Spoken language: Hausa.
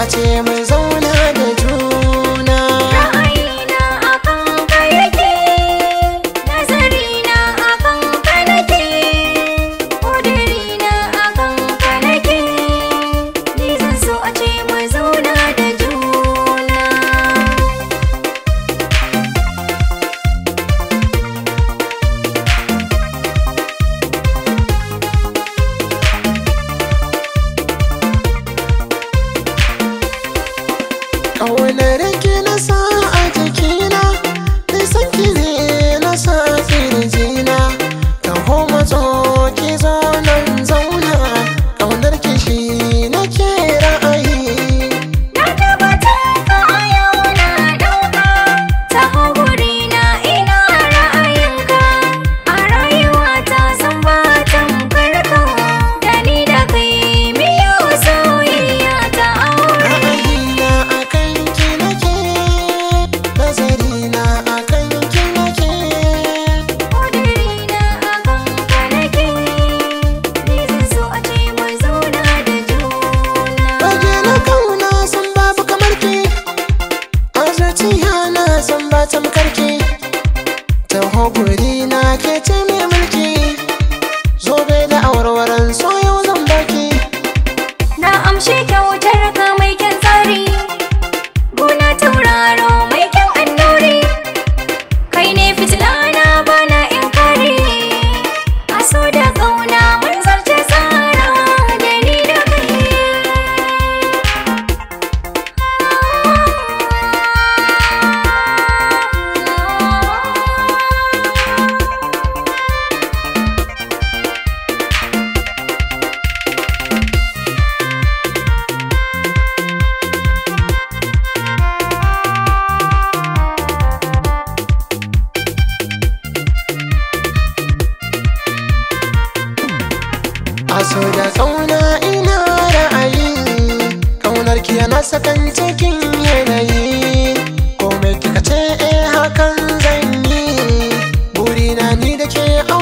a ce mai zama ta ci hana zan ta na ke so da kauna ina ra'ayi kaunar ki yana sakan cikin yanayi komai kika ce eh hakan zan yi burina ni da ke